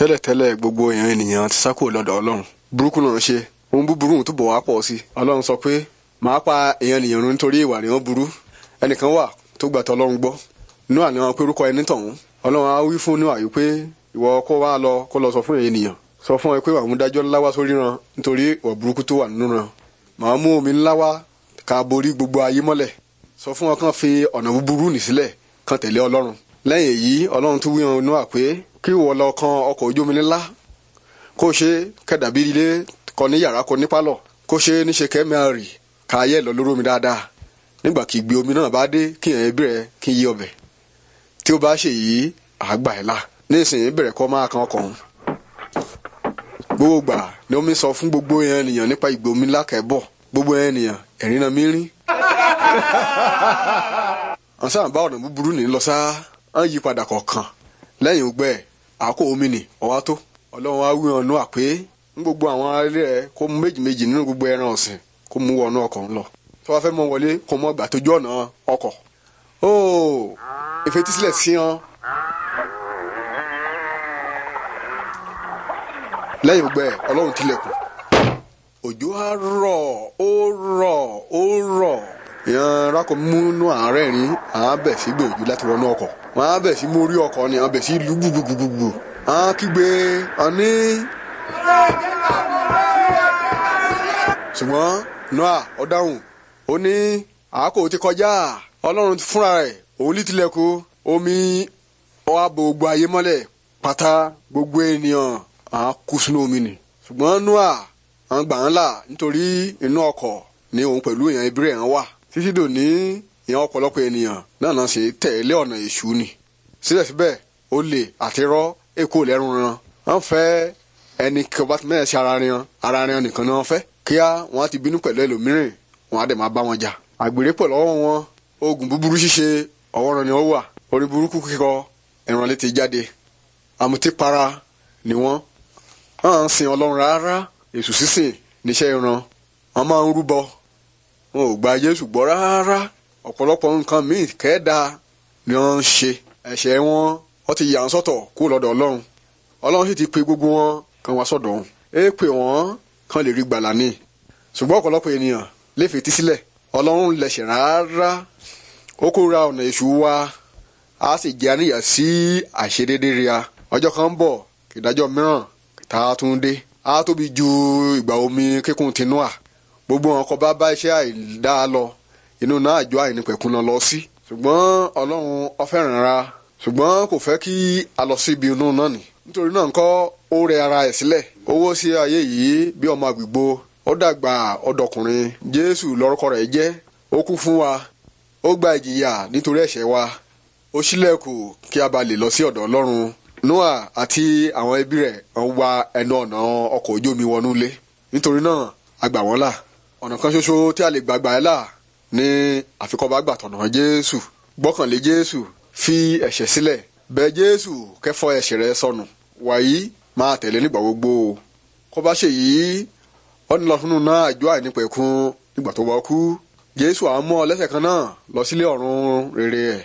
tẹ́lẹ̀tẹ́lẹ̀ gbogbo èèyàn ènìyàn ti sá kúrò lọ́dọ̀ ọlọ́run burúkú náà ṣe ohun búburú tó bọ̀ wá pọ̀ sí i ọlọ́run sọ pé màá pa èèyàn ènìyàn run nítorí ìwà rẹ̀ burú ẹnìkan wà tó gbà tọ́ ọlọ́run gbọ́ níwà ni wọn pé orúkọ ẹni tọ̀hún ọlọ́run á wí fún níwà yìí pé ìwọ kó wá lọ kó lọ sọ fún ènìyàn sọ fún ẹ pé àwọn dájọ́ ńlá wá sórí ran nítorí ìwà burúkú tó wà nínú ran màá mú omi ńlá wá ká borí gbogbo ayé mọ́lẹ̀ sọ fún wọn kàn fi ọ̀nà búburú nì sílẹ̀ kàn tẹ̀lé ọlọ́run lẹ́yìn èyí ọlọ́run tún wí hàn níwà kí wọ́n lọ kan ọkọ̀ ojú omi ńlá kó ṣe kẹdàbí ilé kọ ní yàrá kọ ní pálọ̀ kó ṣe níṣe kẹ́mẹ́rì káyé lọ lórí omi dáadáa nígbà kí gbé omi náà bá dé kí yẹn bẹ̀rẹ̀ kí yí ọbẹ̀ tí ó bá ṣe yìí àgbà ẹ̀ la nísìnyí bẹ̀rẹ̀ kọ́ máa kan ọkàn gbogbo gbà ni omi sọ fún gbogbo yẹn ènìyàn nípa ìgbé omi ńlá kẹ́bọ̀ gbogbo ènìyàn ẹ̀rín mi rín. àwọn sáà ọ̀nà búburú ní lọ sáá wọ́n yí padà kọ̀ọ̀kan lẹ́yìn ògbẹ́ ẹ̀ àkó omi nì ọwá tó ọlọ́run á wí ọ̀nù àpé ní gbogbo àwọn aráàlú rẹ kó mú méjì méjì nínú gbogbo ẹran ọ̀sìn kó mú wọnú ọkọ̀ ńlọ tó bá fẹ́ mọ wọlé kó mọ gbà tójú ọ̀nà ọkọ̀ óò ìfetísílẹ̀ sí wọn. lẹ́yìn gbẹ ọlọ́run tilẹ̀kùn òjò á rọ̀ ó rọ̀ ó rọ̀ èèyàn rákò múnú àárẹ̀ rí àwọn abẹ̀ sí gbòòjú láti wọnú ọkọ̀ wọn abẹ̀ sí mórí ọkọ̀ ni abẹ̀ sí ìlú gbùgbùgbùgbù àwọn kígbe ọ̀ní. ṣùgbọ́n noah ọ̀dáhùn ó ní àákò ti kọjá ọlọ́run fúnra rẹ̀ òun lè tilẹ̀kùn omi ọwọ́ bo gbogbo ayé mọ́lẹ̀ pátá gbogbo ènìyàn àwọn kú sínú omi ni ṣùgbọ́n noah àwọn gbà nítorí inú ọkọ̀ ni òun pẹ̀lú èèyàn ibírẹ̀ wà títí dòní ìyẹn ọ̀pọ̀lọpọ̀ ènìyàn náà náà ṣe tẹ̀lé ọ̀nà èṣù ni síbẹ̀síbẹ̀ olè àti rọ́ èkó lẹ́rùn ran wọ́n fẹ́ ẹni kí ọba mẹ́rin ṣe ara rin ara rin nìkan ni wọ́n fẹ́ kíá wọ́n á ti bínú pẹ̀lú ẹlòmíràn wọ́n á dẹ̀ máa bá wọn jà àgbèrè pọ̀ lọ́wọ́ wọn oògùn búburú ṣíṣe ọwọ́ ran ni wọ́n wà orí burúkú kíkọ ẹ̀ràn létí jáde para ni wọ́n hàn sin ọlọ́run rárá èṣù sísìn níṣẹ́ ìran wọ́n máa ń rúbọ wọn ò gba Jésù gbọ́ rárá ọ̀pọ̀lọpọ̀ nǹkan míì kẹ́ẹ̀dá ni wọ́n ń ṣe ẹ̀ṣẹ̀ wọn wọ́n ti yà wọ́n sọ́tọ̀ kú lọ́dọ̀ Ọlọ́run Ọlọ́run sì ti pe gbogbo wọn kan wá sọ́dọ̀ òun é pè wọ́n kan lè rí gbàlà ní ṣùgbọ́n ọ̀pọ̀lọpọ̀ ènìyàn lè fetí sílẹ̀ Ọlọ́run lẹ̀ṣẹ̀ rárá ó kóra ọ̀nà èṣù wa a sì jẹ́ àníyà sí àìṣedédé ria ọjọ́ kan bọ̀ ìdájọ́ mìíràn tá tún dé a tóbi ju ìgbà omi kíkún tinúà gbogbo wọn kò bá bá iṣẹ́ àìdáa lọ inú náà àjọ àìnípẹ̀kun lọ lọ sí ṣùgbọ́n ọlọ́run ọfẹ́ràn ra ṣùgbọ́n kò fẹ́ kí a lọ sí ibi inú náà ni nítorí náà ńkọ́ ó rẹ ara ẹ̀ sílẹ̀ owó sí ayé yìí bí ọmọ àgbègbò ó dàgbà ọ̀dọ́kùnrin jésù lórúkọ rẹ̀ jẹ́ ó kú fún wa ó gba ìjìyà nítorí ẹ̀ṣẹ̀ wa ó ṣílẹ̀kù kí a bá lè lọ sí ọ̀dọ̀ ọlọ́run noah àti àwọn ẹbí rẹ̀ wọ́n wá ẹnu ọ̀nà ọkọ̀ ojú omi wọnú ilé nítorí náà a gbà wọ́n là ọ̀nà kan ṣoṣo tí a lè gbàgbà ẹ́ là ní àfikọ́ba gbàtọ̀nà jésù gbọ́kànlé jésù fi ẹ̀ṣẹ̀ sílẹ̀ bẹ̀ jésù kẹ́fọ́ ẹ̀ṣẹ̀ rẹ sọnù wàyí máa tẹ̀lé nígbà gbogbo kó bá ṣe yìí ọ̀nà lọ́sùnù náà àjọ àìnípẹ̀kun nígbà tó bá jésù àmọ́ lẹ́sẹ̀ kan náà lọ sílé ọ̀run rere ẹ̀